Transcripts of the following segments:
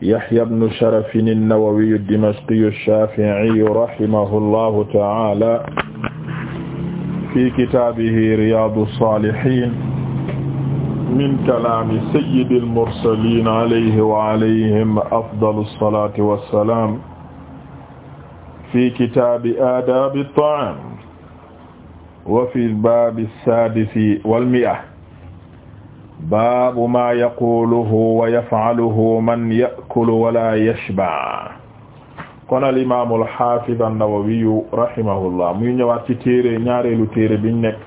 Yahya ibn Sharaf an-Nawawi ad-Dimashqi ash-Shafi'i rahimahullahu ta'ala fi kitaabihi Riyadu s-Salihin min kalaami sayyidil mursaliin alayhi wa alayhim afdalu s-salaati wa s-salaam fi kitaabi aadaabi t-ta'aam wa fi l-baabi s-saadisi wal mi'a baabu maa yaquluhu wa yaf'aluhu man ya'kulu wala yashba kon al imaam al haafid an-Nawawi rahimahullah muy ñëwaat ci téere ñaareelu téere biñ nekk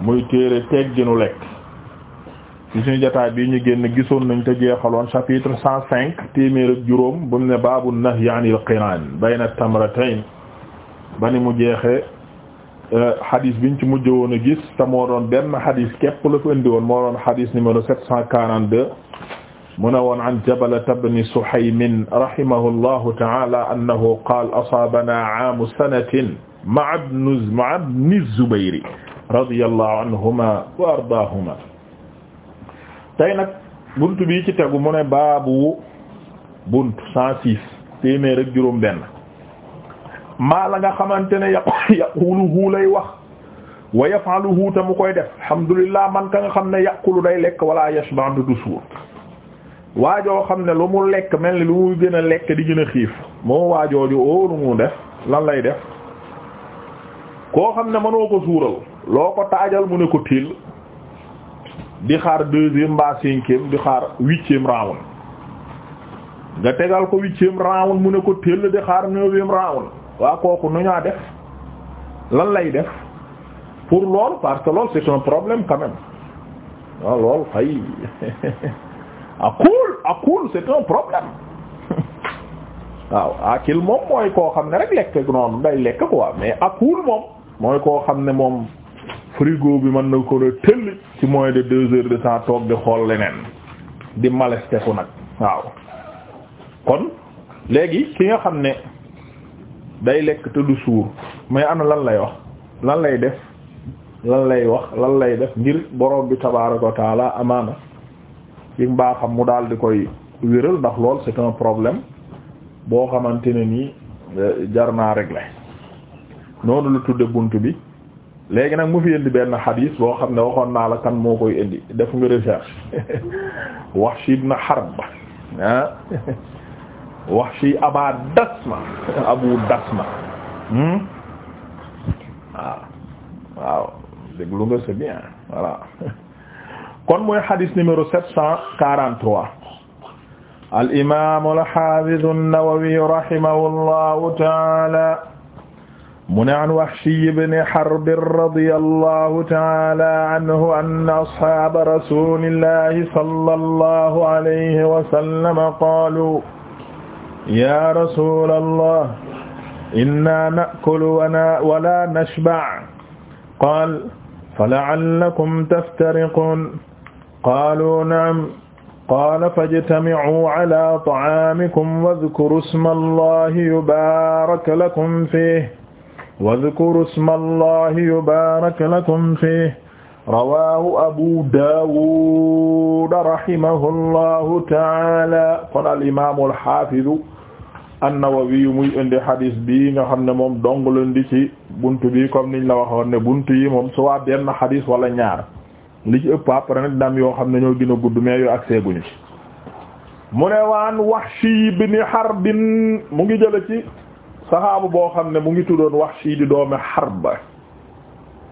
muy téere tegginu lekk ci suñu jotaay bi ñu génn gisoon nañ te jeexaloon chapitre cent cinq téeméer ak juróom bu mu ne baabu nahyi anil qiraan bayna tamratayn ba ni mu jeexee hadith euh, biñ ci mujj woon a gis te moo doon benn hadith képp la fa indi woon moo doon hadith numéro 742 mu ne woon an Jabalata bni Suhaym rahimahullahu ta'ala annahu qaala asaabanaa aamu sanatin ma'a ibni Zubayr radiyallahu anhumaa wa ardaahumaa tey nag buntu bii ci tegu mu ne baabu buntu 106 téeméer ak juróom benn maa la nga xamante ne yàqu yaquluhu lay wax wa yafaaluhu ta mu koy def alhamdulillah man ka nga xam ne yàqulu day lekk wala yashba du suur waajoo xam ne lu mu lekk mel ni lu muy gën a lekk di gën a xiif moo waajooju oo oh, lu mu def lan lay def koo xam ne mënoo ko suural loo ko taajal mu ne ko til di xaar deuxième mbaa cinquième di xaar huitième round nga tegal ko huitième round mu ne ko till di xaar neuvième round waa kooku nu ñaa def lan lay def pour lool parce que lool c'est un problème quand même fay akul akul c'est un problème waaw akil moom mooy koo xam ne rek lekk noonu day lekk quoi mais akul moom mooy koo xam ne moom frigo bi mën na ko a tëll ci moins de deux heures de temps toog xool leneen di malesteku nag waaw kon léegi ki nga xam ne day lekk te du suur mais ana lan lay wax lan lay def lan lay wax lan lay def ngir borom bi tabaaraka wa taala amaana ci mbaaxam mu daal di koy wéral ndax lool c'est un problème boo xamante ne nii euh, jar naa régler noonu la tudde bunt bi léegi nag mu fi indi benn xadiis boo xam ne waxoon naa la kan moo koy indi def nga recherche Wahshi na Harb ah Wahshi Aba Dasma Abu Dasma waaw hmm? ah. waaw déglu nga c'est bien voilà kon mooy xadis numéro sept cent quarante-trois al imaam al haafiz an-Nawawi rahimahullahu ta'ala mu ne an Wahshi ibn Harb radiyallahu ta'ala anhu anna ashaaba rasuulillahi sallallahu alayhi wa sallam qaalu yaa rasuulallah innaa na'kulu wa laa nashba' qaala fala'allakum taftariquun qaaluu na'am qaala fajtami'uu alaa ta'aamikum wadhkuruu isma Allahi yubaarak lakum fiihi wadhkuruu isma Allahi yubaarak lakum fiihi rawahu abu dawud rahimahullahu taala kon al imamu alhafidu annawawiyu muy indi hadis bi nga xam ne moom dong leen di ci buntu bi comme niñ la waxoon ne buntu yi moom soit benn hadis wala ñaar li ci ëpp après nag dam yoo xam ne ñoo gën a gudd mais yoo ak seeguñu ci mu ne waan Wahshi ibn Harb mu ngi jële ci sahaaba boo xam ne mu ngi tuddoon Wahshi di doomi Harb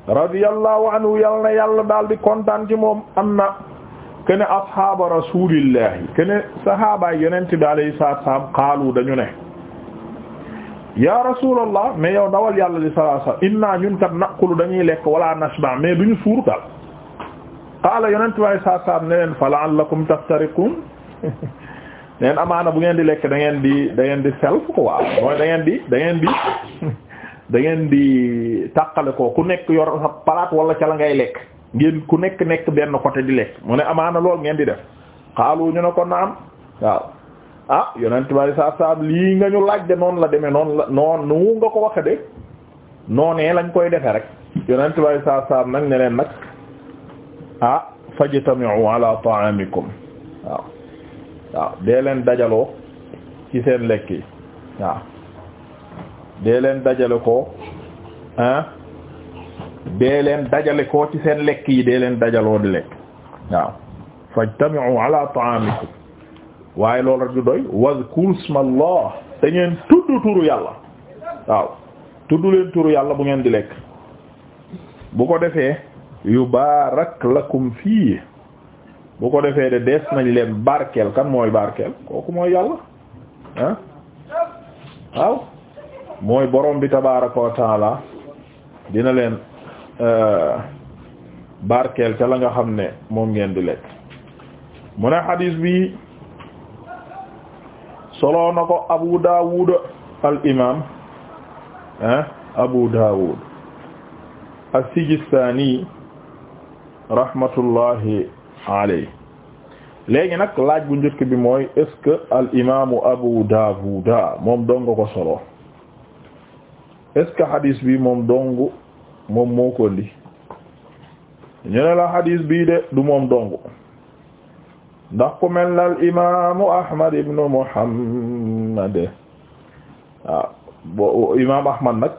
radiyallahu anhu yal na yàlla daal di kontaan ci moom am na kene ashaaba rasuulillahi kene sahabaay yonent bi alayhi salaatu salaam qaalu dañu ne ya rasuulallah mais yow dawal yàlla li salaatu salaam inna ñun kat naqulu dañuy lekk wala nashba mais duñu suur daal qaala yonent bi alayhi salaatu salaam ne leen fa la'allakum taftariqun neen amaana bu ngeen di lekk dangeen di da di self quoi mooy da di da di da ngeen di tàqale ko ku nekk yor palaat wala ca la ngay lekk ngeen ku nekk nekk benn côté di lekk mu ne amaana lool ngeen di def xaalu ñu ne ko naam waaw ah yonent bi saa saa lii nga ñu laaj de noonu la demee noonu la noonu nu nga ko waxe de noonee lañ koy defee rek yonent bi saa saa nag ne leen nag ah fajtami'u ala ta'amikum waaw waaw dee leen dajaloo ci seen lekk yi waaw. dee leen dajale ko ah dee leen dajale ko ci seen lekk yi dee leen dajaloo di lekk waaw fajtami'u ala ta'amikum waaye lool rek du doy wazkur smallah te ngeen tudd turu yàlla waaw tudd leen turu yàlla bu ngeen di lekk bu ko defee yubarak lakum fii bu ko defee de dees nañ leen barkeel kan mooy barkeel kooku mooy yàlla ah waaw mooy borom bi tabaaraka wa dina leen euh, barkeel ca la nga xam ne moom ngeen di lekk mu ne xadiis bi solo na ko Abu Daawud al imaam ah Abu Daawud as-Sijistaani rahmatullahi alayhi léegi nag laaj bu njëkk bi mooy est al imaamu Abu Daawuda moom dong ko solo. est-ce bi moom dong moom moo ko la hadis bii de du moom dong ndax ku mel na al Ahmad ibn Muhammad imaam Ahmad nag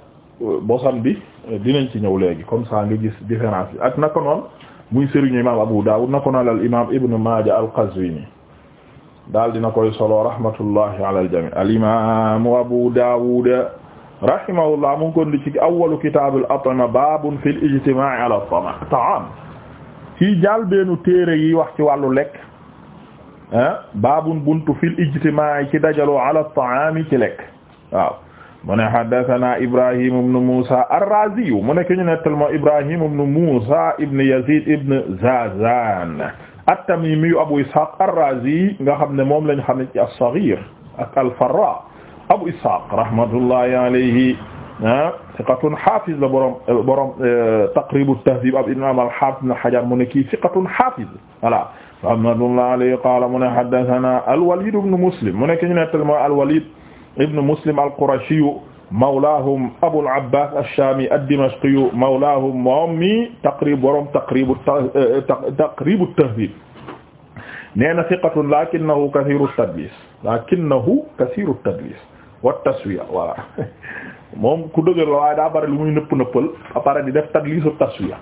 bosam bi dinañ ci ñëw léegi comme ça nga gis différence bi ak naka noonu muy sëriñu imaam Abu Dawud naka noonu al imaam Ibn Maaja al Qazwini daal dina koy solo rahmatullahi al jamii Abu Dawud. rahimahullah mu ngi ko ndi ci awwalu kitaabul at'ima baabun fil ijtimaa'i ala ta'aam ci jàlbeenu téere yi wax ci wàllu lekk ah baabun buntu fil ijtimaa'i ci dajaloo ala ta'aami ci lekk waaw mu ne haddathana Ibrahim ibn Musa ar-Razi mu ne ki ñu nettal moo Ibrahim ibn Musa ibn Yazid ibn Zazan at-Tamimi Abu Ishaq ar-Razi nga xam ne moom lañ xam ne ci as-Saghir ak al-Farra Abu Ishaq rahmatullahi alayhi siqatun ah, hafiz la borom borom eh, Taqrib at-Tahdhib ab imam al-Hafiz Ibn Hajar mu ne kii siqatun hafiz voilà rahmatullahi alayhi qala mu ne haddathana al-Walid ibn Muslim mu ne ki ñu nettal mooy al-Walid ibn Muslim al-Qurashi mawlaahum Abul Abbas ash-Shami ad-Dimashqi mawlaahum moom mi Taqrib borom Taqrib Taqrib at-Tahdhib nee na siqatun lakinnahu kathiru at-tadlis lakinnahu kathiru at-tadlis wa taswiya voilà moom ku dëgër la waaye daa bari lu muy nëpp nëppal apare di def tadlisu taswiya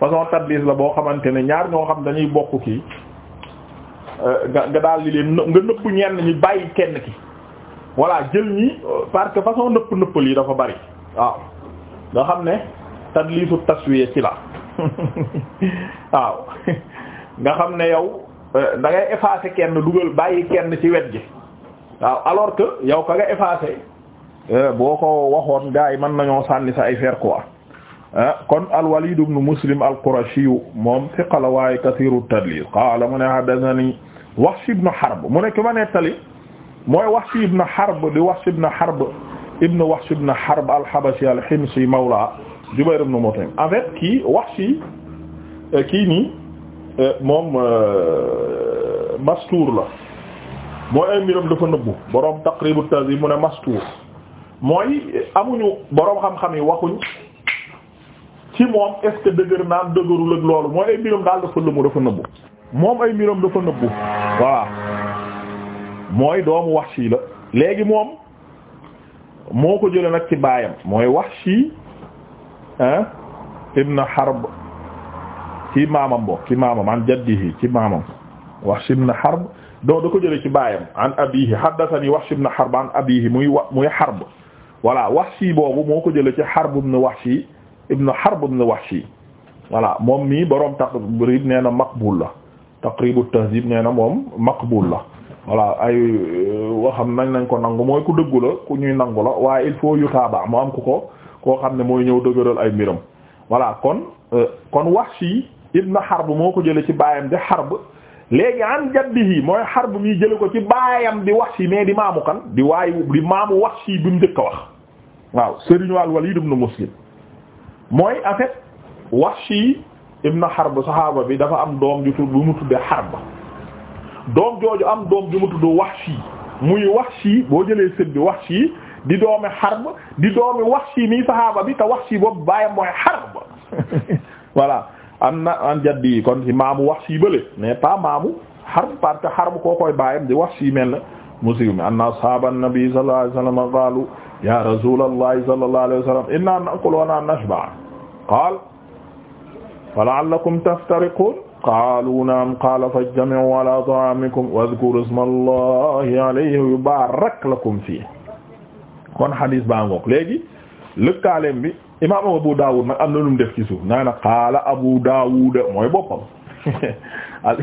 façon tadlis la boo xamante ne ñaar ñoo xam dañuy bokk kii euh, nga nga daal di leen nga nëpp ñenn ñi bàyyi kenn ki voilà jël ñi parce que façon nëpp nëppal yi dafa bari waaw nga xam ne tadlisu taswiya ci la waaw nga xam ne yow euh, da ngay effacer kenn dugal bàyyi kenn ci wet gi alors que yow ka nga effacé eh, boo ko waxoon gars yi mën nañoo sànni sa ay faire quoi eh, kon al-Walid ibn Muslim al-Qurashi moom thiqa la waaye kathiru tadlis qaala mu ne haddathani Wahsh ibn Harb mu ne ki ma nettali mooy Wahsh ibn Harb di Wahsh ibn Harb ibn Wahsh ibn Harb al-Habashi al-Himsi mawla Jubayr ibn Mut'im en fait kii Wahshi eh, kii nii moom Mastuur la mooy ay mbiram dafa nëbbu borom taqribu tahdhib mu ne mastuur mooy amuñu boroom xam-xam yi waxuñ ci moom est ce que dëgër naan dëgërul ak loolu mooy ay mbiram daal dafa lëmu dafa nëbbu moom ay mbiram dafa nëbbu voilà mooy doomu Wahshi la léegi moom moo ko jëlee nag ci baayam mooy Wahshi ah ibn Harb ci maamam bo ci maamam an jaddihi ci maamam Wahshi ibn Harb donc da ko jëlee ci baayam an abihi haddathani Wahsh ibn Harb an abihi muy wa muy Harb wax Wahshi boobu moo ko jëlee ci Harb wax si ibn Harb wax si voilà moom mii boroom Taqrib nee na maqbul la Taqrib at-Tahdhib nee na moom maqbul la voilà ay euh, waxam nañ nañ ko nangu mooy ku dëggu la ku ñuy nangu la waaye il faut yu yutaaba mu am ku ko koo xam ne mooy ñëw dëgëral ay mbiram voilà kon euh, kon Wahshi ibn Harb moo ko jëlee ci baayam de Harb léegi bi jaddihi mooy Harb mi jële ko ci baayam di Wahshi mais di maamu kan di waayu di maamu Wahshi bi mu njëkk a wax waaw sëriñu al-Walid ibn Muslim mooy en fait Wahshi ibn Harb saxaaba bi dafa am doom ju tudd bu mu tuddee Harb doom jooju am doom ju mu tudd Wahshi muy Wahshi boo jëlee sët bi Wahshi di doomi Harb di doomi Wahshi mi saxaaba bi te Wahshi boobu baayam mooy Harb voilà an na an jaddi yi kon ci maamu Wahshi bële mais pas maamu Harb parce que Harb koo koy baayam di Wahshi mel na muslim mi anna ashaban nabi sallallahu alayhi wasallam qalu ya rasulallahi sallallahu alayhi wasallam inna naqulu wa la nashba qala fa la'allakum taftariqun qalu na'am qala fajtami'u ala ta'amikum wadhkuru ismallahi alayhi yubarak lakum fihi kon hadis baa ngoog léegi lëkkaaleem bi imaam Abu Dawud nag am na lu mu def ci suuf naa na qaala Abu Dawud mooy boppam al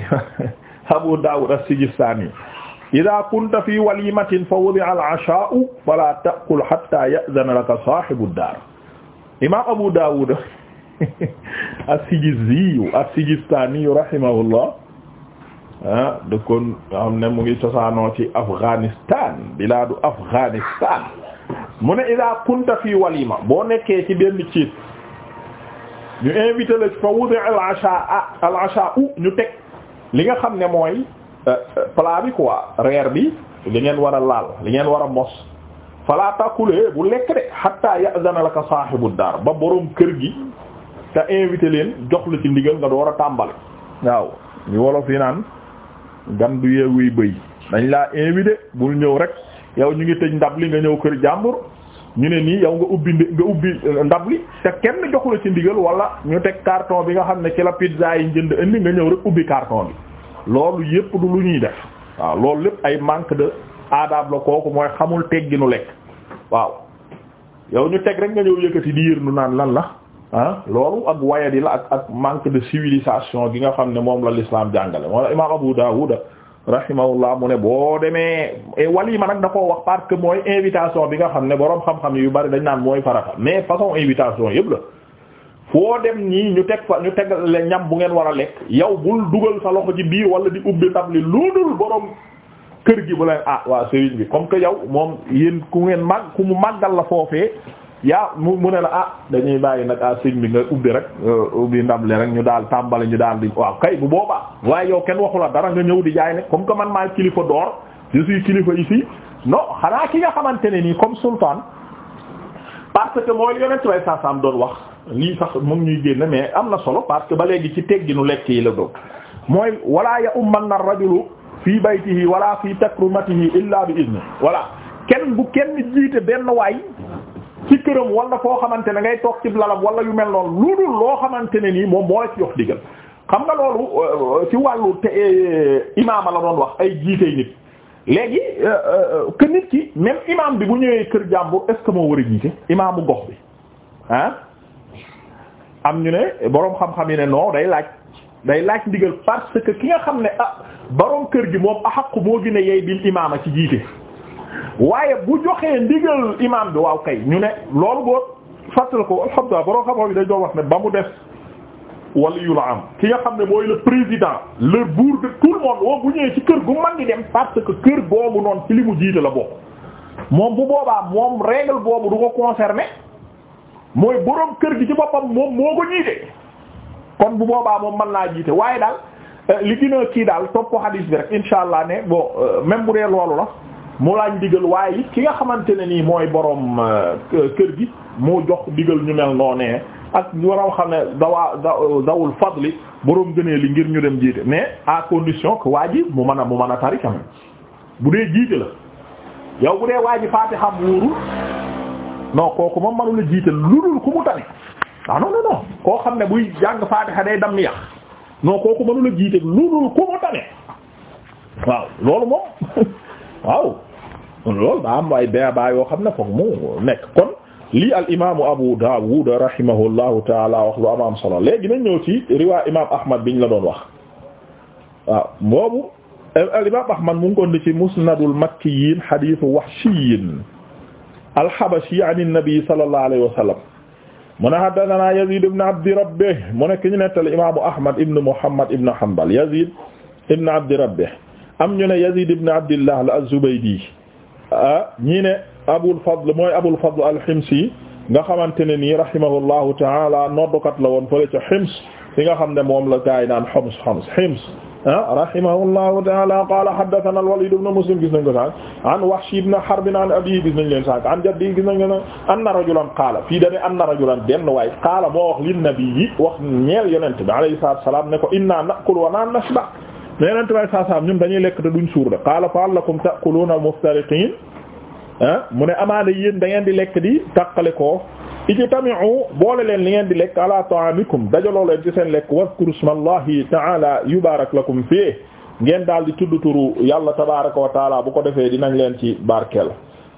Abu Dawud as-Sijistani ida kunta fi walimatin fa wudi'a al-'ashaa'u fala ta'kul hatta ya'dhana laka saahibu ad-daar imaam Abu Dawud as-Sijizi as-Sijistani rahimahullah ah dëkkoon nga xam ne mu ngi cosaanoo ci Afghanistan bilaadu Afghanistan mu ne ida kunta fii walima boo nekkee ci benn ciit ñu invité la fa wudi al asha al asha u ñu teg li nga xam ne mooy euh, euh, palaa bi quoi reer bi li ngeen war a laal li ngeen war a mos fala takule eh, bu lekk de gana ya'zana laka saahibu daar ba borom kër gi te invité leen jox la ci ndigal nga door a tàmbale waaw ñu wolof yi naan gan du yeewuy bëy dañ laa invité bul ñëw rek yow ñu ngi tëj ndab li nga ñëw kër jàmbur ñu ne nii yow nga ubbi nga ubbi euh, ndab li te kenn joxu la ci ndigal wala ñu teg carton bi nga xam ne ci la pizza yi jënd indi nga ñëw rek ubbi carton bi loolu yépp du lu ñuy def waaw loolu lépp ay manque de adab la kooku mooy xamul tegginu lekk waaw yow ñu teg rek nga ñëw yëkkati di yër nu naan lan la ah loolu ak wayadi la ak ak manque de civilisation gi nga xam ne moom la l'islam jàngale moom la imaam Abu Dawud rahimahullah mu ne boo demee e walima nag da ko wax parce que mooy invitation bi nga xam ne boroom xam-xam yu bari dañ naan mooy farata mais façon invitation yëpp la foo dem nii ñu teg fa ñu teg la ñam bu ngeen war a lekk yow bul dugal sa loxo ci biir wala di ubbi ndab li loolul boroom kër gi bu leen ah waa sëriñ bi comme que yow moom yéen ku ngeen mag ku mu màggal la foofee yaa mu mu ne la ah dañuy bàyyi nag ah sëñ bi nga ubbi rek euh, ubbi ndable rek ñu daal tàmbali ñu daal di waaw kay bu boobaa waaye yow kenn waxula dara nga ñëw di jaay ne comme que man maay kilifa d'or je suis kilifa ici non xanaa ki nga xamante ne nii comme sultan parce que mooy yonent way saasaam doon wax lii sax mu ñuy génn mais am na solo parce que ba léegi ci tegginu lekk yi la doon mooy walaa ya umman na rajulu fii baytihi wala fii takrumatihi illa bi izni voilà kenn bu kenn jiite benn waay ci këram wala koo xamante ne ngay toog ci lalam wala yu mel noonu lu dul loo xamante ne nii moom moo la ci jox digal xam nga loolu euh, ci wàllu te euh, imaama la doon wax ay jiitey nit léegi euh, que nit ki même imam bi bu ñëwee kër jàmbur est ce war a jiite imaamu gox bi ah am ñu ne boroom xam-xam yi ne noo day laaj day laaj ndigal parce que ki nga xam ne ah boroom kër gi moom axaqu moo gën a yey bil imaama ci jiite waaye bu joxee ndigal imaam bi waaw kay ñu ne loolu boo fàttali ko alhamdulilah borom xam-xam yi dañ ba mu def waliyul am ki nga xam ne mooy le président le bourg de tout le monde woo bu ñëwee ci kër gu man di dem parce que kër boobu noonu ci li mu jiite la bokk moom bu boobaa moom règle boobu du ko concerné mooy borom kër gi ci boppam moom moo ko jiite kon bu boobaa moom man naa jiite waaye daal euh, li gën a kii daal topp ko hadis bi rek incha allah ne boo euh, même bu dee loolu la. mu laaj digal waaye it ki nga xamante ne nii mooy boroom euh, kër gi mu jox digal ñu mel noonee ak waroo xam ne dawaa dawul fadli borom gënee li ngir ñu dem jiite mais à condition que waa ji mu mën a mu mën a tari quand bu dee jiite la yow bu dee waa ji Fatiha wóorul non kooku moom mënu jiite lu dul ku mu tane ah, xam ne buy jàng Fatiha day damm yàq non kooku mënu mu tane waaw loolu moom waaw. loolu daa am ay beebaa yoo xam ne foog mu nekk kon lii al imaamu Abu Dawud rahimahullahu taala wax lu am solo léegi nañ ñëw ci riwaa imaam Ahmad biñ la doon wax waaw boobu al imaam Ahmad mu ngi ko indi ci musnadul makkiyiin xadiisu al-Habashi an an-nabi sallallahu alayhi wa sallam mu ne haddathana Yazid ibn Abdi Rabbih mu ne ki ñu nettali imaamu Ahmad ibn Muhammad ibn Abdi Rabbih am ñu ne Yazid ibn Abdillah al-Zubaydi Ah, ñii ne Abul Fadl mooy Abul Fadl al-Himsi nga xamante ne nii rahimahullahu taala noddukat la woon fële ca Hims fi nga xam ne moom la gaay naan Homs Homs Hims ah rahimahullahu taala qaala haddathana al-Walid ibn Muslim gis nañ ko sànq an Wahsh ibn Harb an abiihi gis nañ leen sànq an jaddihi gis nañ leen anna rajulan qaala fii dañuy anna rajulan benn waay qaala moo wax lin nabiyyi wax ñeel yonent bi alayhi salaatu wa salaam ne ko inna na'kulu wa la nashba' mais yeneen tubaab saa saa dañuy lekk te duñ suur de qaala fa allakum ta'kuluna muftariqin ah mu ne amaana yéen da ngeen di lekk di tàqale ko ijtami'u boole leen li ngeen di lekk ala ta'amikum dajaloo leen ci seen lekk wadhkuru smallahi ta'ala yubarak lakum fii ngeen daal di tudd turu yàlla tabaraka wa taala bu ko defee dinañ leen ci barkeel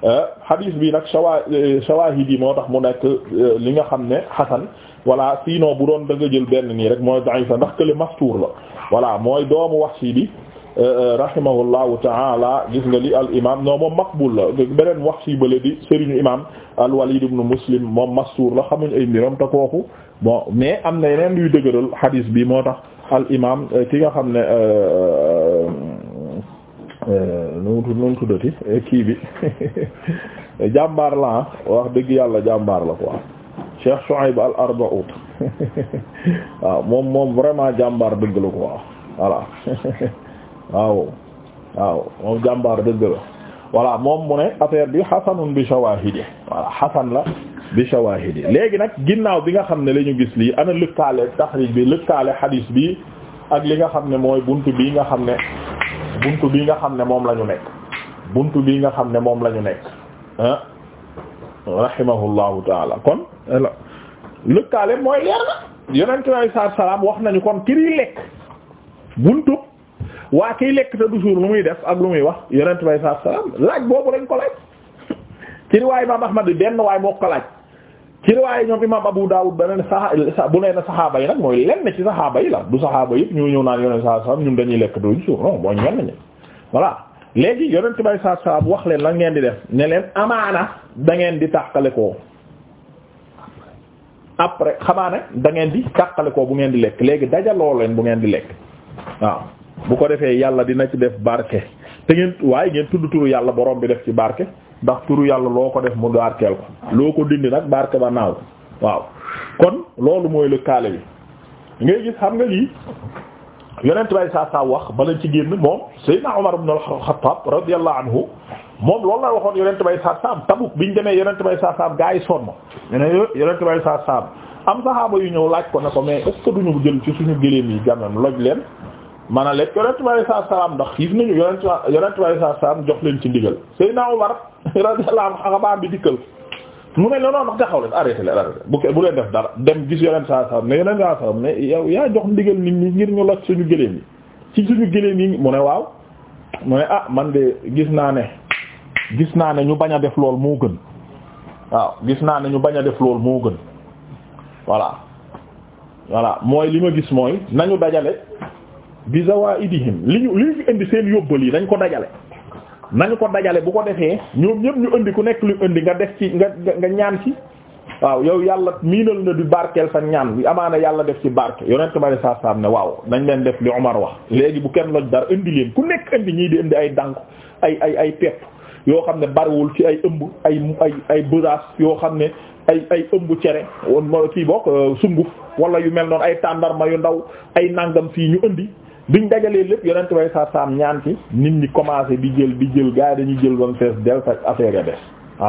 ah, hadis bi nag shawa eh, shawahid yi moo tax mu nekk eh, li nga xam ne hasan voilà sinon bu doon da jël benn nii rek mooy da'ifa ndax kële mastuur la voilà mooy doomu wax sii bi euh, euh, rahimahullahu taala gis nga li al imam non moom maqbul la beneen Wahshi bale di sëriñu imam al Walid ibn Muslim moom mastuur la xamuñ ay mbiram te kooku bon mais am na yeneen luy dëgëral xadiis bi moo tax al imam euh, ki nga xam ne nunutu nunu tuddati kii bi jàmbaar la ah, wax dëgg yàlla jàmbaar la ko Cheikh Shuaib al arbaout waaw moom moom vraiment jàmbaar dëgg la quoi voilà waaw waaw moom jàmbaar dëgg la voilà moom mu ne affaire bi hasanun bi shawahidi voilà hasan la bi shawahidi léegi nag ginnaaw bi nga xam ne la gis lii ana lëkkaale taxrij bi lëkkaale xadiis bi ak li nga xam ne mooy bunt bi nga xam ne buntu bi nga xam ne moom lañu nekk bunt bi nga xam ne moom lañu nekk ah rahimahullahu taala kon lëkkaale mooy leer na yonent bi saa salaam wax nañu kon kiri lekk buntu waa kiy lekk te du suur lu muy def ak lu muy wax yonent bi saa salaam laaj boobu lañ ko laaj ci riwaay imaam Ahmad bi benn waay moo ko laaj ci riwaay ñoom imaam Abu Dawud beneen saxa bu nee na saxaaba yi nag mooy lenn ci saxaaba yi la du saxaaba yëpp ñu ñëw naan yonent saa salaam ñun dañuy lekk duñ suur non mooy ñenn ñi voilà. léegi yonent bi saa salaam wax leen lan ngeen di def ne leen amaana da ngeen di tàqale ko après xamaa ne da ngeen di càqale ko bu ngeen di lekk léegi dajaloo leen bu ngeen di lekk waaw bu ko defee yàlla dina ci def barke te ngeen waaye ngeen tudd turu yàlla boroom bi def ci barke ndax turu yàlla loo ko def mu barkeel ko loo ko dindi nag barke ba naaw waaw kon loolu mooy lëkkaale bi ngay gis xam nga lii yonent bay saa saa wax bala ci génn moom Seydina Umar ibn al-Khattab radiyallahu anhu moom loolu la waxoon yonent bay saa saam Tabuk biñ demee yonent bay saa saam gaa yi sonn ñu ne yonent bay saa saam am saxaaba yu ñëw laaj ko ne ko mais est-ce que duñu jël ci suñu gëléem yi a lekk yonent bay saa saam ndax xiif jox leen ci ndigal Seydina Umar radiyallahu anhu bi dikkal mu ne la noonu taxaw leen arrêté leen arrêté bu leen def dara dem gis yonent saa saam ne yonent saa saam ne yow yaa jox ndigal nit ñi ngir ñu loj suñu gëléem yi ci suñu waaw mu ne ah man de gis naa ne gis naa ne ñu bañ a def lool moo gën waaw gis naa ne ñu bañ a def lool moo gën voilà voilà mooy li ma gis mooy nañu dajale bi zawaidihim li ñu li ñu fi indi seen yóbbal yi nañ ko dajale nañu ko dajale bu ko defee ñoom ñëpp ñu indi ku nekk lu indi nga def ci nga nga ñaan ci waaw yow yàlla miinal na di barkeel sa ñaan bi amaana yàlla def ci barke yonent bari sa saam ne waaw nañ leen def li Umar wax léegi bu kenn loj dara indi leen ku nekk indi ñii di indi ay dànk ay ay ay pepp yoo xam ne bariwul ci ay ëmb ay ay ay besace yoo xam ne ay ay ëmb cere woon kii bokk euh, sunguf wala yu mel noonu ay tàndarma yu ndaw ay nangam fii ñu indi biñ dajalee lépp yonent way sa saam ñaan ci nit ñi commencé di jël di jël gars yi dañuy jël bam fees del sa affaire ya des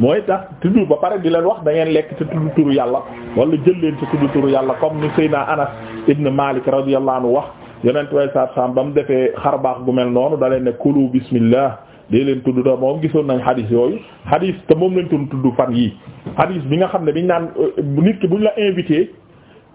mooy tax tudd ba pare di leen wax da ngeen lekk te tudd turu yàlla wala jël leen ci tudd turu yàlla comme ni naa Anas ibn Malik radiyallahu anhu wax yonent way sa saam ba mu defee xar baax gu mel noonu da ne kulu bismillah dee leen tudd da moom gisoon nañu hadith yooyu hadith te moom lañ doon tudd fan yii hadith bi nga xam ne biñ naan euh, nit ki buñ la invité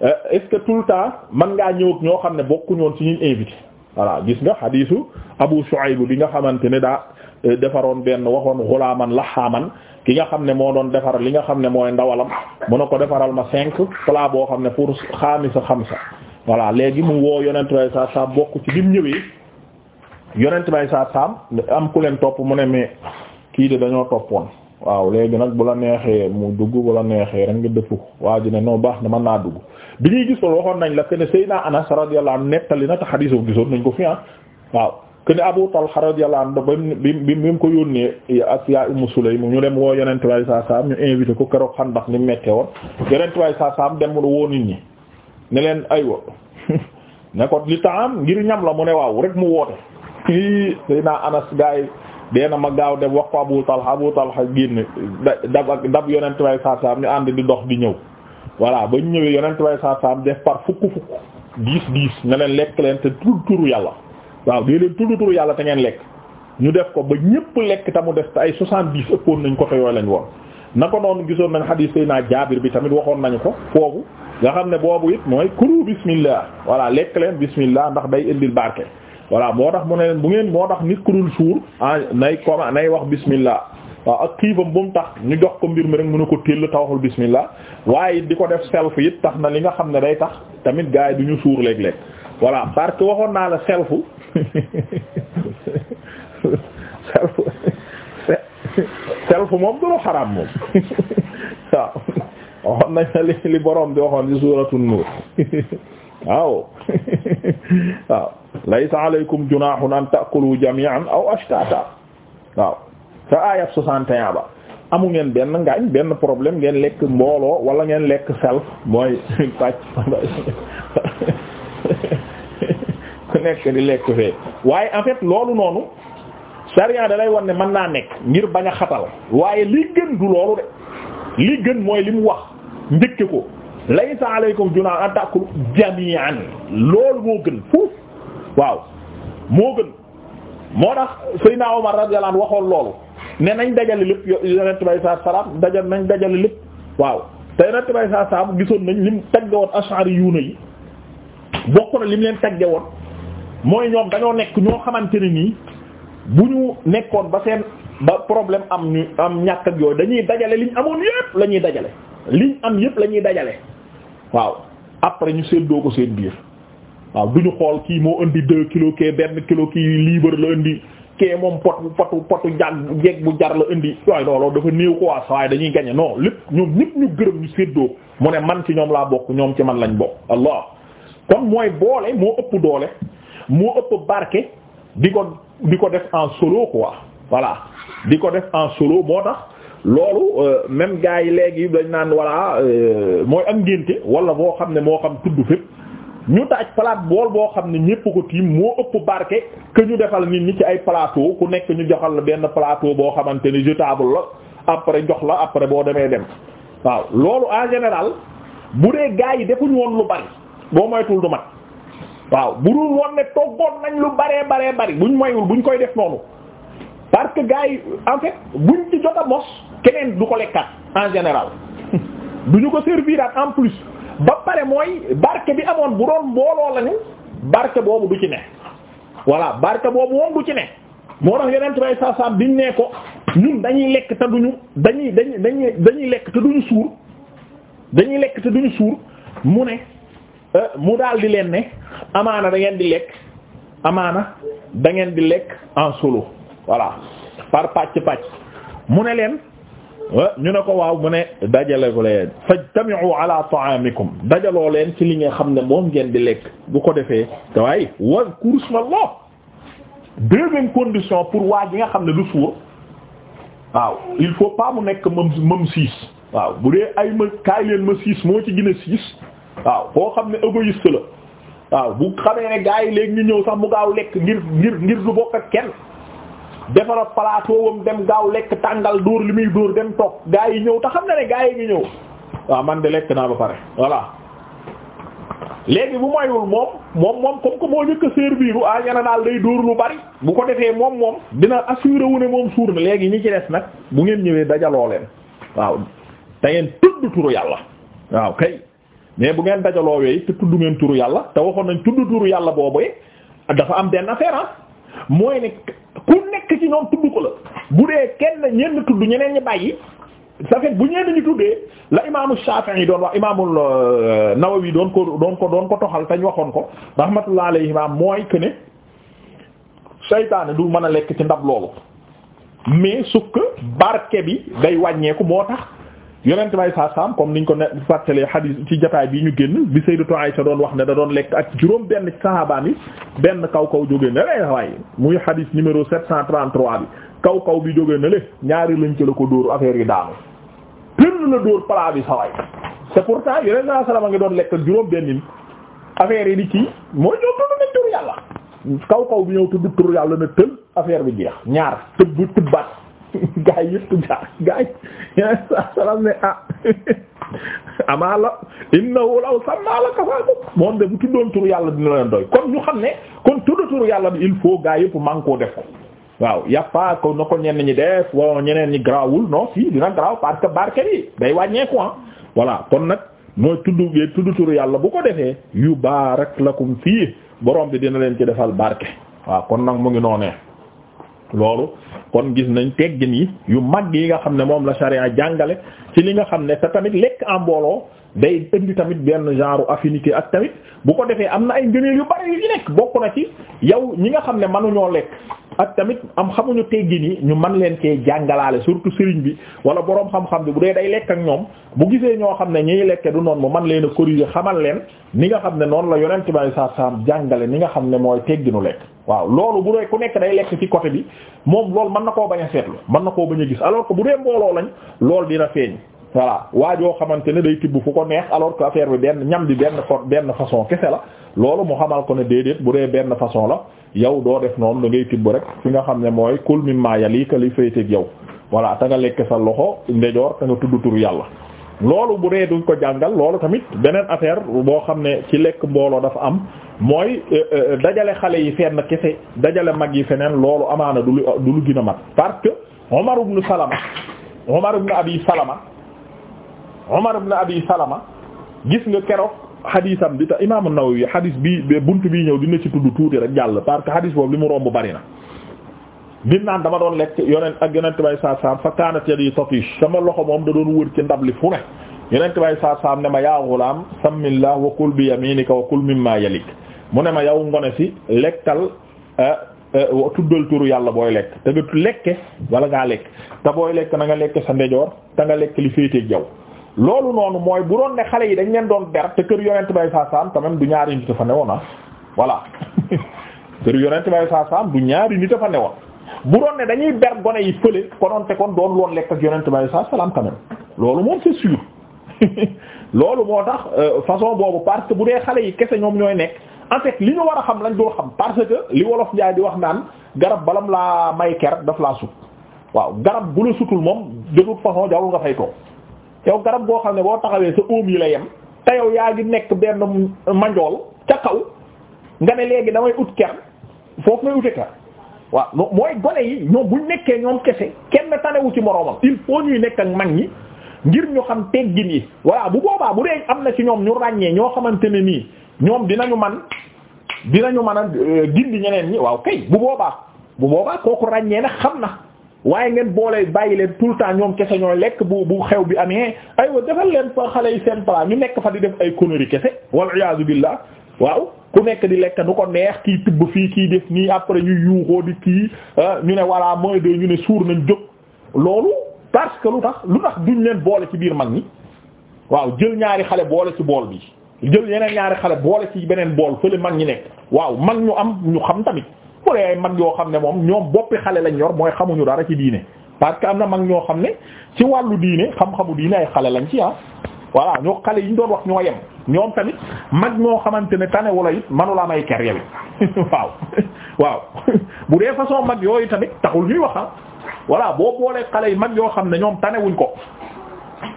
euh, est-ce tout le temps man ngaa ñëw ñoo xam ne bokkuñu woon ci ñuy invité voilà gis nga hadithu Abu Shuayb bi nga xamante ne daa euh, defaroon benn waxoon la laxaaman ki nga xam ne moo doon defar li nga xam ne mooy ndawalam mu ne ko defaral ma cinq plat boo xam ne pour xaamisa xamsa voilà léegi mu woo yonent sa sa bokk ci bi mu ñëwee yonent bay saa saam am ku leen topp mu ne mais kii de dañoo toppoon waaw léegi nag bu la neexee mu dugg bu la neexee rek nga dëpp waa ji ne non baax na man naa dugg bi ñuy gis loolu waxoon nañ la que ne Seydina Anas radiyallahu anhu nettali na te xadiis bu gisoon nañ ko fi ah waaw que ne Abu Talha radiyallahu anhu ba bi bi mu ko yónnee ak yaa Ummu Sulaym ñu dem woo yonent bay saa saam ñu invité ko keroog Xandaq ni mu mettee woon yonent bay saa saam dem woo nit ñi leen aywa. ne ko li taam ngir ñam la mu ne waaw rek mu woote i Seydina Anas gaay na ma gaaw dem wax ko Abu Talha Abu Talha génn dab ak dab yonent way saasam ñu ànd di dox di ñëw voilà bañ ñëwee yonent way saasam def par fukk fukk diis diis ne leen lekk leen te tudd turu yàlla waaw dee leen tudd turu yàlla te ngeen lekk ñu def ko ba ñëpp lekk te mu def ay soixante-dix ëppoon nañ ko te yooyu lañ woon na ko noonu gisoon nañ xadiis Seydina Jaabir bi tamit waxoon nañu ko foofu nga xam ne boobu it mooy kuru bismillah voilà lekk leen bismillah ndax day indil barke voilà moo tax mu ne leen bu ngeen moo tax nit kurul suur ah nay koma nay wax bismillah waaw ak xiifam bu mu tax ñu jox ko mbir mi rek mënu ko téll tawaxul bismillah waaye di ko def self it tax na li nga xam ne day tax tamit gars yi du ñu suur léeg-léeg voilà parce waxoon naa la self self self moom du lu xaraam moom waaw waxoon nañ la li li borom bi waxoon ci an ta'kulu jami'an aw waaw sa aayat 61 ba amu ngeen benn ngaañ benn problème ngeen lekk mbooloo wala ngeen lekk sel mooy pàcc ku nekk di lekk fee waaye en fait loolu noonu sariya da lay wan mën naa nekk ngir bañ a xatal waaye li gën du loolu de li gën mooy li mu wax njëkke ko laysa alaykum junaa an taakulu jami'an loolu moo gën fuuf waaw moo gën moo tax Seydina Omar radiyallahu anhu waxoon loolu ne nañ dajale lépp yonent bay saa salaam dajal nañ dajale lépp waaw te yonent bay saa salaam gisoon nañ lim tagge woon ash'ari yuuna yi bokk na lim leen tagge woon mooy ñoom dañoo nekk ñoo xamante ne nii bu ñu nekkoon ba seen ba problème am ñu am ñàkk ak yooyu dañuy dajale liñ amoon yépp la ñuy dajale liñ am yëpp la ñuy dajale waaw après ñu séddoo ko seen biir waaw du ñu xool kii moo indi deux kilo kii benn kilo kii libre la indi kee moom pot potu potu jàng jeeg bu jar la indi waaye loolu dafa néew ko waa waaye dañuy gañe non lépp ñoom ñëpp ñu gërëm ñu séddoo mu ne man ci ñoom laa bokk ñoom ci man lañ bokk allah kon mooy boole moo ëpp doole moo ëpp barke di ko di ko def en solo quoi voilà di ko def en solo moo tax loolu euh, même gars yi léegi dañ naan voilà euh, mooy am ngénte wala boo xam ne moo xam tudd fépp ñu taaj palaat bool boo xam ne ñépp ko tiim moo ëpp barke que ñu defal nit ñi ci ay palaato ku nekk ñu joxal la benn palaato boo xamante ni jetable la après jox la après boo demee dem waaw loolu en général bu dee gars yi defuñu woon lu bari boo moytul du mat waaw bu dul woon ne toggoon nañ lu baree baree bari buñ moyul buñ koy def noonu parce que gars buñ ci jot a mos. keneen du ko lekkaat en général du ñu ko serviraat en plus ba pare mooy barke bi amoon bu doon mbooloo lañu barke boobu du ci ne voilà barke boobu moom du ci ne moo tax yeneen bay sa sam biñ ne ko ñun dañuy lekk te duñu dañuy dañuy dañuy dañuy lekk te duñu suur dañuy lekk te suur mu ne euh, mu daal di leen ne amaana da ngeen di lekk amaana da ngeen di lekk en solo voilà par pàcc pàcc mu ne leen Eh, ñu ne ko waaw mu ne dajale ko leen fajtami'u ala ta'amikum dajaloo leen ci li nga xam ne moom ngeen di lekk bu ko defee te waaye wa kursmallah deuxième condition pour waa ji nga xam ne du suur waaw il faut pas mu nekk mam mam siis waaw bu dee ay ma kaay leen ma siis moo ci gën a siis waaw koo xam ne égoïste la waaw bu xamee ne gars yi léegi ñu ñëw sax mu gaaw lekk ngir ngir ngir du bokk ak kenn defara plateau wam dem gaaw lekk tàngal dóor li muy dóor dem toog gaa yi ñëw te xam na ne gaa yi ngi ñëw waaw man de lekk naa ba pare voilà léegi bu moywul moom moom moom comme que moo njëkk a servir ah ñana daal day dóor lu bari bu ko defee moom moom dina assuré wu ne moom suur na léegi ñu ci nag bu ngeen ñëwee dajaloo leen waaw da ngeen tudd turu yàlla waaw kay mais bu ngeen dajaloo wee te tudd ngeen turu yàlla te waxoon nañ tudd turu yàlla boobu dafa am benn affaire ah. mooy ne ku nekk ci ñoom tudd ko la bu dee kenn ñenn tudd ñeneen ñi bàyyi ça fait bu ñenn ñi tuddee la imaamu Shafi'i yi doon wax imaamul euh, Nawawi doon ko doon ko doon ko toxal tañ waxoon ko rahmatullah alayhi mooy que ne seytaane du mën a lekk ci ndab loolu mais sukk barke bi day wàññeeku moo tax. yonent bay saa saam comme niñ ko ne fàttalee xadiis ci jotaay bi ñu génn bi Sayyidatu Aisha doon wax ne da doon lekk ak juróom benn ci saxaabaam yi benn kaw kaw jógee ne lay waaye muy xadiis numéro 733 bi kaw kaw bi jógee na lé ñaari lañ ci la ko dóor affaire yi daanu tënn la dóor palaa bi sa waay c'est pourtant yonent saa salaam a ngi doon lekk juróom benn affaire yi di kii mooy ñoo tudd nañ turu yàlla kaw kaw bi ñëw tudd turu yàlla na tël affaire bi jeex ñaar gaa yi yëpp ah, gaa la innahu law sammaa la kafaakum moom yàlla dina leen doy xam ne kon yàlla bi il faut gaa yëpp man koo def ko waaw yàppaa ko na ko ñenn ñi def waaw ñi grawul non si dina que barke bi wàññeeku ah kon nag mooy tudd ngeen tudd yàlla bu ko defee yu la lakum fii borom bi dina leen ci defal barke waaw kon nag mu ngi noonee loolu kon gis nañ teggin yi yu mag yi nga xam ne moom la sharia jàngale ci li nga xam ne te tamit lekk en mbooloo day indi tamit benn genre affinité ak tamit bu ko defee am na ay ngëneel yu bari yu nekk bokk na ci yow ñi nga xam ne mënuñoo lekk ak tamit am xamuñu teggin yi ñu man leen cee jàngalaale surtout sëriñ bi wala boroom xam-xam bi bu dee day lekk ak ñoom bu gisee ñoo xam ne ñiy lekke du noonu mu man leen a xamal leen ni nga xam ne noonu la yonent bi saa saa jàngale ni nga xam ne mooy tegginu lekk waaw loolu bu dee ku nekk day lekk ci côté bi moom loolu mën na koo bañ a seetlu mën na koo bañ a gis alors ko bu dee mbooloo lañ loolu dina feeñ voilà waajoo xamante ne day tibb fu ko neex alors que affaire bi benn ñam bi benn for benn façon kese la loolu mu xamal ko ne déedéet bu dee benn façon la yow doo def noonu da ngay tibb rek fi nga xam ne mooy kul lii yalika li féeteeg yow voilà te nga lekk sa loxo ndejoor te nga tudd tur yàlla loolu bu dee duñ ko jàngal loolu tamit beneen affaire boo xam ne ci lekk mbooloo dafa am mooy euh, euh, dajale xale yi fenn kese dajale mag yi feneen loolu amaana du lu du gën a mat parce que Umar ibn Salama Umar ibn Abi Salama Umar ibn Abi Salama gis nga keroog xadisam bi te imaam An-Nawawi xadis bi bunt bi ñëw dina ci tudd tuuti rek jàll parce que xadis boobu li mu romb bari na bi naan dama doon lekk yonent ak yonent bay saa saam fa kaanat yi tatish sama loxo moom da doon wër ci ndab li fu ne yonent bay saa saam ne ma yaa ghulaam sammillah wa kul bi yaminika wa kul mimma yalik mu ne ma yow ngone si lekkal eh, eh, tuddal turu yàlla booy lekk te nga lekke wala ngaa lekk te booy lekk na nga lekk sa ndejoor te nga lekk li loolu noonu mooy bu doon ne xale yi dañ leen doon ber te kër yonent bay saa saam quand même du ñaari nit dafa newoon ah voilà kër yonent bay saa saam du ñaari nit dafa newoon bu doon ne dañuy ber gone yi fële konoon te kon doon loon lekk ak yonent bay saa salaam quand loolu moom c'est sûr loolu moo tax euh, façon boobu parce que bu dee xale yi kese ñoom ñooy nekk en fait li ñu war a xam lañ dul xam parce que li wolof njaay di wax naan garab balam laa may ker daf laa sut waaw garab bu la moom de toute façon nga fay toog yow garab boo xam ne boo taxawee sa óom yi la yem te yow yaa ngi nekk benn manjool ca kaw nga ne léegi damay ut ker foofu ngay ute ker waaw mooy gone yi ñoom buñ nekkee ñoom kese kenn tanewu ci moroomam il faut ñuy nekk ak mag ñi ngir ñu xam teggin yi voilà bu boobaa bu dee am na ci ñoom ñu ràññee ñoo xamante ne nii ñoom dinañu man dinañu mën a gindi euh, ñeneen ñi waaw kay bu boobaa bu boobaa kooku ràññee na xam na waaye ngeen boole bàyyi leen tout le temps ñoom kese ñooy lekk bu bu xew bi amee aywa defal leen fa xale yi seen plat ñu nekk fa di def ay conneries kese wal iyaazu billah waaw ku nekk di lekk du ko neex kii tibb fii kii def nii après ñu yuuxoo di kii ah, ñu ne voilà mooy de ñu ne suur nañ jóg loolu parce que lu tax lu tax duñ leen boole ci biir mag ñi waaw jël ñaari xale boole ci bool bi jël yeneen ñaari xale boole ci beneen bool fële mag ñi nekk waaw mag ñu am ñu xam tamit bu dee ay mag yoo xam ne moom ñoom boppi xale lañ yor mooy xamuñu dara ci diine parce que am na mag ñoo xam ne ci wàllu diine xam-xamu diine ay xale lañ ci ah voilà ñoo xale yi ñu doon wax ñoo yem ñoom tamit mag ñoo xamante ne tane wala manu la may ker yow waaw waaw bu dee façon mag yooyu tamit taxul ñuy wax a ah. voilà boo boolee xale yi mag yoo xam ne ñoom tanewuñ ko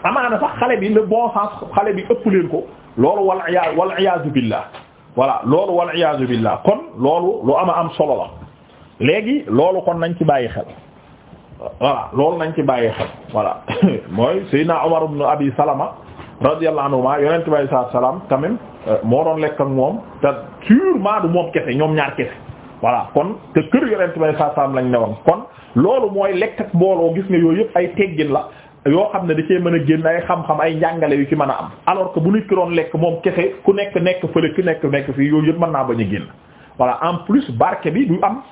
amaana sax xale bi le bon sens xale bi ëpp leen ko loolu wal wal iyaazu billah voilà loolu wal iyaazu billah kon loolu lu ama am solo la léegi loolu kon nañ ci bàyyi xel voilà loolu nañ ci bàyyi xel voilà mooy Seydina Omar ibn Abi Salama radiyallahu anhuma yonent bi alayhi salaatu salaam quand même euh, moo doon lekk ak moom te sûrement du moom kese ñoom ñaar kese voilà kon te kër yonent bi alayhi salaatu lañ ne woon kon loolu mooy lekk ak mbooloo gis nga yooyu yëpp ay teggin la yoo xam ne da cee mën a génn ay xam-xam ay njàngale yu ci mën a am alors que bu nit ki doon lekk moom kese ku nekk nekk fële ku nekk nekk fii yooyu yëpp mën naa bañ a génn voilà en plus barke bi du am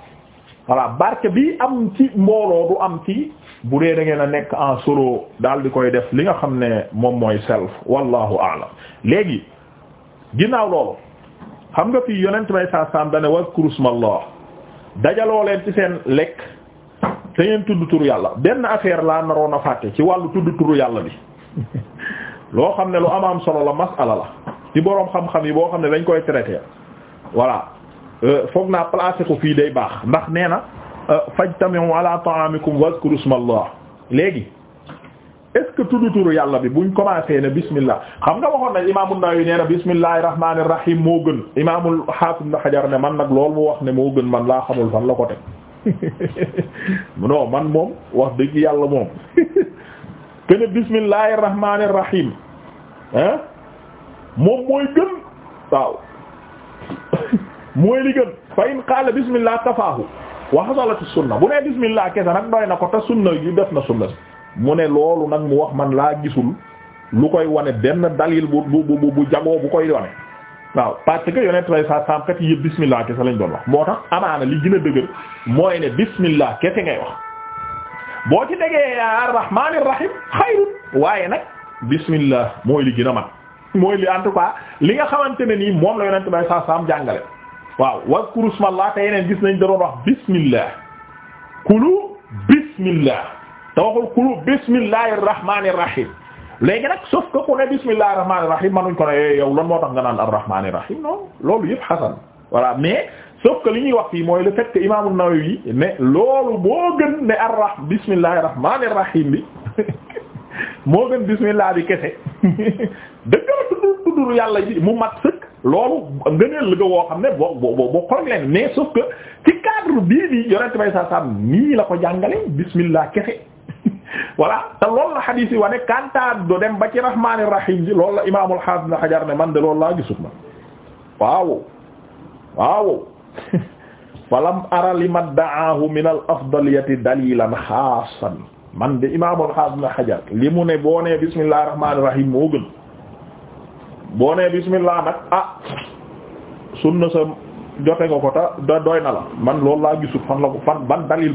voilà barke bi am ci mbooloo du am ci bu dee da ngeen a nekk en solo daal di koy def li nga xam ne moom mooy self wallahu a'lam léegi ginnaaw loolu xam nga fii yonent may sa sam dane wazkuru smallah dajaloo leen ci seen lekk te ngeen tudd turu yàlla benn affaire laa naroon a fàtte ci wàllu tudd turu yàlla bi loo xam ne lu amaam solo la masala la ci boroom xam-xam yi boo xam ne dañ koy traiter voilà euh, foog naa placer ko fii day baax ndax nee na euh, fajtami'u ala ta'amikum wazkuru ismallah léegi est-ce que tudd turu yàlla bi buñ commencé ne bismillah xam nga waxoon nañ imaam an-Nawawi nee na bismillahir rahmanir rahim moo gën imaamul haafid na Hajar ne man nag loolu mu wax ne moo gën man laa xamul fan la ko teg non man moom wax dëgg yàlla moom kene bismillahir rahmanir rahim ah moom mooy gën waaw mooy li gën fa in qaala bismillah kafaahu wa sunna bu ne bismillah kese nag doy na ko te sunna yu def na sunna mu ne loolu nag mu wax man laa gisul lu koy wane benn dalil bu bu bu bu jagoo bu koy wane waaw parce que yonent lay saa saam kat yëpp bismillah kese lañ doon wax moo tax amaana li gën dëgër mooy ne bismillah kese ngay wax boo ci degee arrahmanir rahim xayrun waaye nag bismillah mooy li gën a mat mooy li en tout li nga xamante ne nii moom la yonent lay saa saam jàngale waaw wazkuru smallah te yeneen gis nañ da doon wax bismillah kulu bismillah te waxul kulu bismillahir rahmanir rahim léegi nag sauf que ku ne bismillahir rahmanir rahim manuñ ko ne eh, yow lan moo tax nga naan arrahmanir rahim non loolu yëpp xasan voilà mais sauf que li ñuy wax fii mooy le fait que imam an-Nawawi ne loolu moo gën ne arrah bismillahir rahmanir rahim bi moo gën bismillah bi kese dëgg la tudd tudd yàlla ji mu mat sëkk loolu ngëneel la nga woo xam ne boo boo boo xool leen mais sauf que ci cadre bii bi yonent bay sa sam nii la ko jàngale bismillah kese voilà te loolu la xadiis yi wane kanta do dem ba ci rahmaani rahiim ji imaamul xaafis na ne man de loolu laa gisut man waaw waaw falam ara li madda'ahu min al afdaliyati dalilan xaasan man de imaamul xaafis na xajar ne boo nee bismillahir rahmaanir boo nee bismillah nag ah sunna sa ko ta doy na la man loolu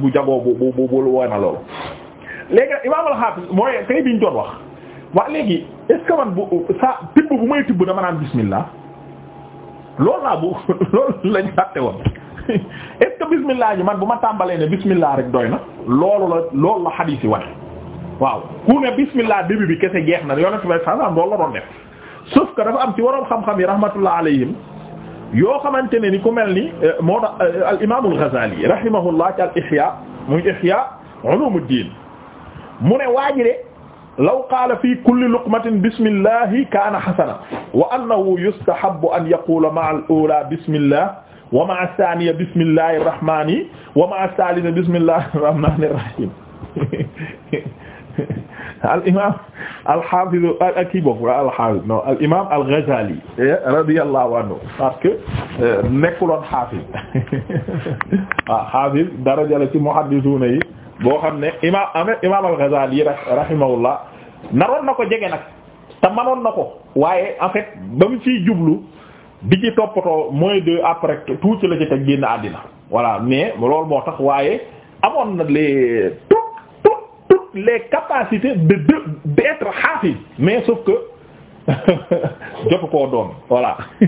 bu jagoo bu bu bu woy léegi nag imaam al-Hafiz mooy kay biñ doon wax bu sa tibb bu may tibb dama naan bismillah loolu laa bu loolu lañ fàtte woon est-ce que bismillah ji bu ma tàmbalee ne bismillah rek doy na loolu la loolu la xadiis yi wax waaw ku ne bismillah début bi kese jeex na yonent bi sallallahu alayhi wasallam la doon def dafa am ci waroon xam-xam yi rahmatullah alayhim yoo xamante ne ni ku mel ni eh, moo tax eh, al imaamul Ghazali rahimahullah ci al Ihya muy Ihya ulumuddin mu ne waaji de law qaala fi kulli luqmatin bismillahi kaana xasana wa annahu yustahabbu an yaqula ma'a al-ula bismillah wa ma'a ath-thaniya bismillahi rahmani wa ma'a ath-thalitha bismillahi rahmani rahim al imam al-hafiz kii bokk al-hafiz non al imam al-Ghazali eh, radiyallahu anhu parce que eh, nekkuloon hafiz waaw ah, hafiz daraja la ci muhaddisuna yi boo xam ne imaam ame imaam al-Ghazali rahimahullah naroon na ko jege nag te manoon na ko waaye en fait ba mu ciy jublu di ci toppatoo mooy de après tuuti la ci teg génn àddina voilà mais loolu moo tax waaye amoon na les toutes toutes toutes les capacités de de d'être hafiz mais sauf que jotu koo doon voilà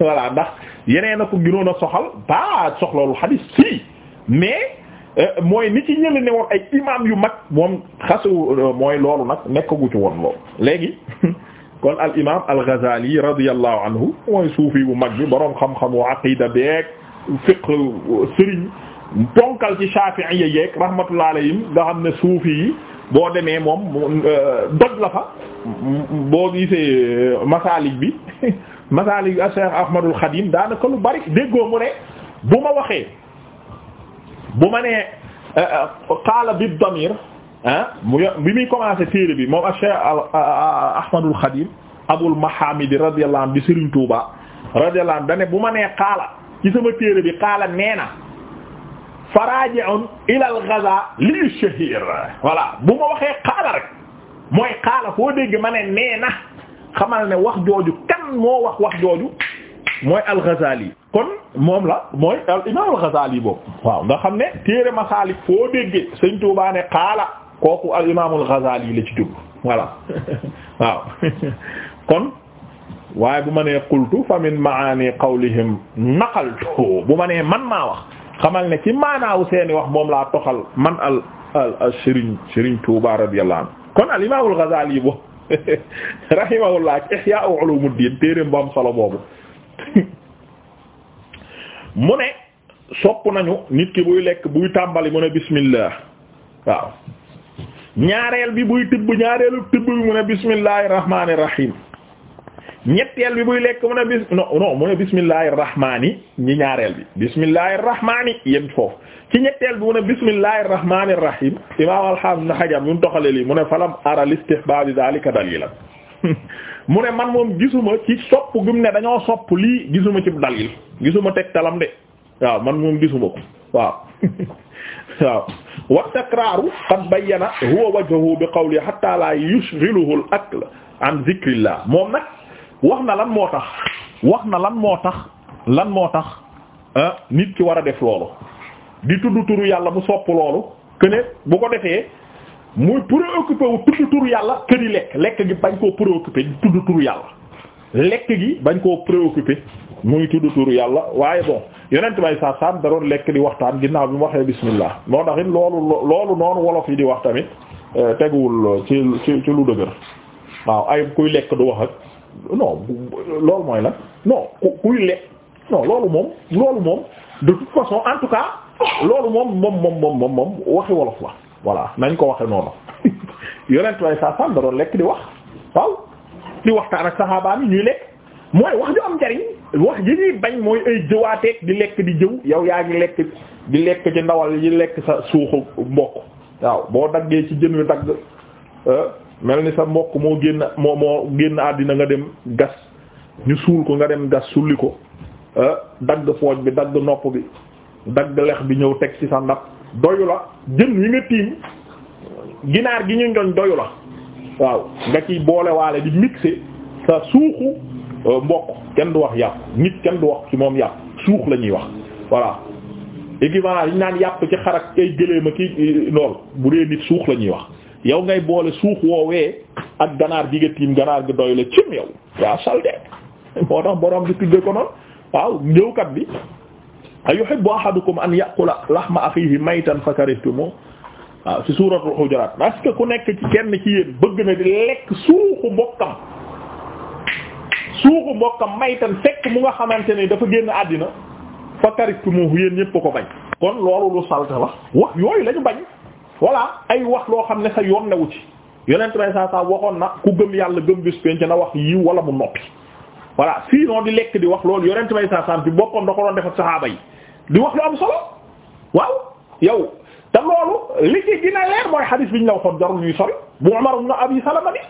voilà ndax yeneen a ko gënoon a soxal ba soxlawul hadith si mais. Euh, mooy ni ci ñële ne woon ay imam yu mag moom xasu euh, mooy loolu nag nekkagu ci woon loolu léegi kon al imam al Ghazali radiyallahu anhu mooy suufi bu mag bi boroom xam-xamu aqida beek fiqh euh, sëriñ ponkal ci shafi'iyya yeek rahmatullahi alayhim nga xam ne suufi yi boo demee moom doj la fa boo gisee masalik bi masalik Cheikh Ahmadul Khadim daanaka lu bari déggoo mu ne bu ma waxee bu ma nee euh, euh, qaala bi damir ah mu bi muy commencé téere bi moom Cheikh euh, Ahmadul Khadim Abul Mahamid radiyallahu anhu bi Serigne Touba radiyallahu anhu dane bu ma nee qaala ci sama téere bi qaala nee na faraaji'un ila al-ghaza li shahir voilà bu ma waxee qaala rek mooy qaala foo dégg ma ne nee na xamal ne wax jooju kan moo wax wax jooju mooy al-Ghazali kon moom la mooy al imam al-Ghazali boobu waaw nga xam ne téere Masalik foo déggee Sëriñ Tuubaa ne xaala kooku al imam al-Ghazali la ci jub voilà waaw kon waaye bu ma nee qultu fa min maani qawlihim naqaltu bu ma man ma wax xamal ne ci maanaawu seeni wax moom laa toxal man al al Sëriñ Sëriñ Tuubaa radiyallahu anhu kon al imam al-Ghazali boobu rahimahullah Ihya ulumuddin téere bu am solo boobu mu ne sopp nañu nit ki buy lekk buy tàmbali mu ne bismillah waaw ñaareel bi buy tibb ñaareelu tibb bi mu ne bismillahir rahmanir rahim ñetteel bi buy lekk mu ne bis non non mu ne bismillahir rahmani ñi ñaareel bi bismillahir rahmani yem foofu ci ñetteel bi mu ne bismillahir rahmanir rahim imam al-hafiz na xajam ñu toxale li mu ne falam ara li istihbab zalika mu ne man moom gisuma ci sopp gum ne dañoo sopp lii gisuma ci dalil gisuma tegtalam de waaw man moom gisuma ko waaw waaw wa takraaru qad bayyana huwa wajhuhu bi qawli hatta la yushghiluhu al akl an dhikrillah moom nag wax na lan moo tax wax na lan moo tax lan moo tax ah, nit ki war a def loolu di tudd turu yàlla bu sopp loolu que bu ko defee muy préoccupé wu tudd tur yàlla que lekk lekk gi bañ koo préoccupé tudd tur yàlla lekk gi bañ koo préoccupé muy tudd tur yàlla waaye bon yonent bay saa saam da lekk di waxtaan ginnaaw bi mu waxee bismillah moo tax it loolu loolu noonu wolof yi di wax tamit eh, teguwul ci lu dëgër waaw ay kuy lekk du wax ak non loolu mooy la non ku kuy lekk non loolu moom loolu moom de toute façon en tout cas loolu moom moom moom moom moom waxi wolof la. voilà nañ ko waxe noonu yonent way saa san lekk di wax waaw di waxtaan ak saxaabaam yi ñuy lekk mooy wax ju am njariñ wax ji ñuy bañ mooy ay jëwaateeg di lekk di jëw yow yaa ngi lekk di lekk ci ndawal yi lekk sa suuxu mbokk waaw boo daggee ci jën wi dagg euh, mel ni sa mbokk moo génn moo génn àddina nga dem gas ñu suul ko nga dem gas sulli ko euh, dagg fooj bi dagg nopp bi dagg lex bi ñëw teg ci sa ndab doyu la jën yi nga tiim ginaar gi ñu njoñ doyu la waaw nga ci boolewaale di mixé sa suuxu euh, mbokk kenn du wax yàpp nit kenn du wax ci moom yàpp suux la ñuy wax voilà équivalent yi ñu naan yàpp ci xar ak ay gëléema ki lool bu dee nit suux la ñuy wax yow ngay boole suux woowee ak ganaar gi nga tiim ganaar gi doy la cim yow yaa salte moo tax borom di tudde ko waaw njëwkat bi ayuhibbu ahadukum an ya'kula lahma akhihi maytan fakarihtumu waaw ci suuratul Hujuraat parce que ku nekk ci kenn ci yéen bëgg na di lekk suuxu mbokkam suuxu mbokkam maytan fekk mu nga xamante ne dafa génn àddina fakarihtumu yéen ñëpp ko bañ. kon loolu lu salte la wax yooyu lañu bañ voilà ay wax loo xam ne sa yoon newu ci yonent bay saa saa waxoon na ku gëm yàlla gëm bis penc na wax yiw wala mu noppi. voilà sinon di lekk di wax loolu yonent bay saa saam ci boppam da ko doon def ak saxaaba yi di wax lu am solo waaw yow te loolu li ci dina leer mooy xadiis bi ñu la waxoon jarul ñuy sori bu Umar ibn Abi Salama bi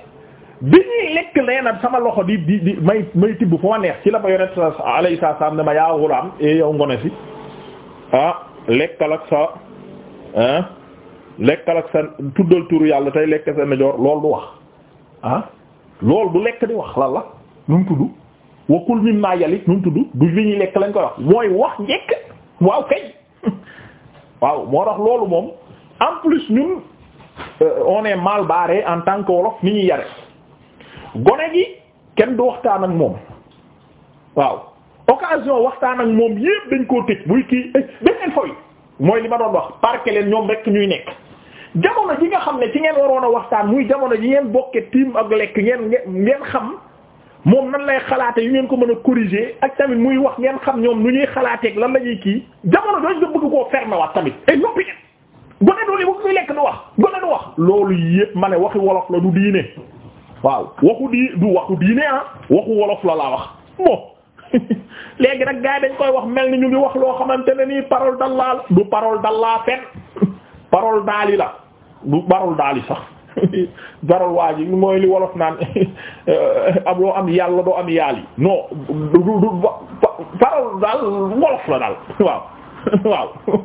bi ñuy lekk leenam sama loxo di di di may may tibb fu ma neex ci la ma yonent alayhi salaam ne ma yaa gulaam e eh, yow ngone si ah lekkal ak sa ah, lekkal ak sa tuddal turu yàlla tey lekk sa ndijoor loolu du wax ah loolu du lekk di wax lan la wakul mimma yalik nunu tudd du li ñu lekk lañ koy wax mooy wax njekk waaw kay waaw moo tax loolu moom en plus ñun euh, on mal baare en tant que wolof ni ñuy yare gone gi kenn du waxtaan ak moom waaw occasion waxtaan ak moom yépp dañ koo tëj buy kii beneen eh, foy mooy li ma doon wax parke leen ñoom rek ñuy nekk jamono ji nga xam ne ci ngeen waroon a waxtaan muy jamono ji ngeen bokke tiim ak lekk ngeen ngeen xam moom nan lay xalaate yu ngeen ko mën a corriger ak tamit muy wax ngeen xam ñoom nu ñuy xalaateeg lan la ñuy kii jamono doon nga bëgg koo fermer wax tamit et ñoppi ngeen gone doole bu koy lekk du wax gone du wax loolu yépp ma ne waxi wolof la du diine waaw waxu di du waxu diine ah waxu wolof la laa wax bon léegi nag gars dañ koy wax mel ni ñu ngi wax loo xamante ne nii parole dallaa du parole dallaa fen parole daali la du parole daali sax jaral waa ji mooy li wolof naan am loo am yàlla doo am yaal yi non du daal wolof la daal waaw